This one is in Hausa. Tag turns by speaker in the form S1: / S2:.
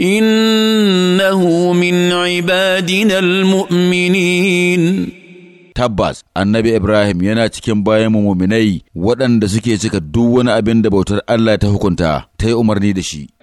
S1: إنه من عبادنا المؤمنين tabbas annabi Ibrahim yana cikin bayan muminai waɗanda suke cika duk wani abin da bautar Allah ta hukunta ta yi umarni da shi.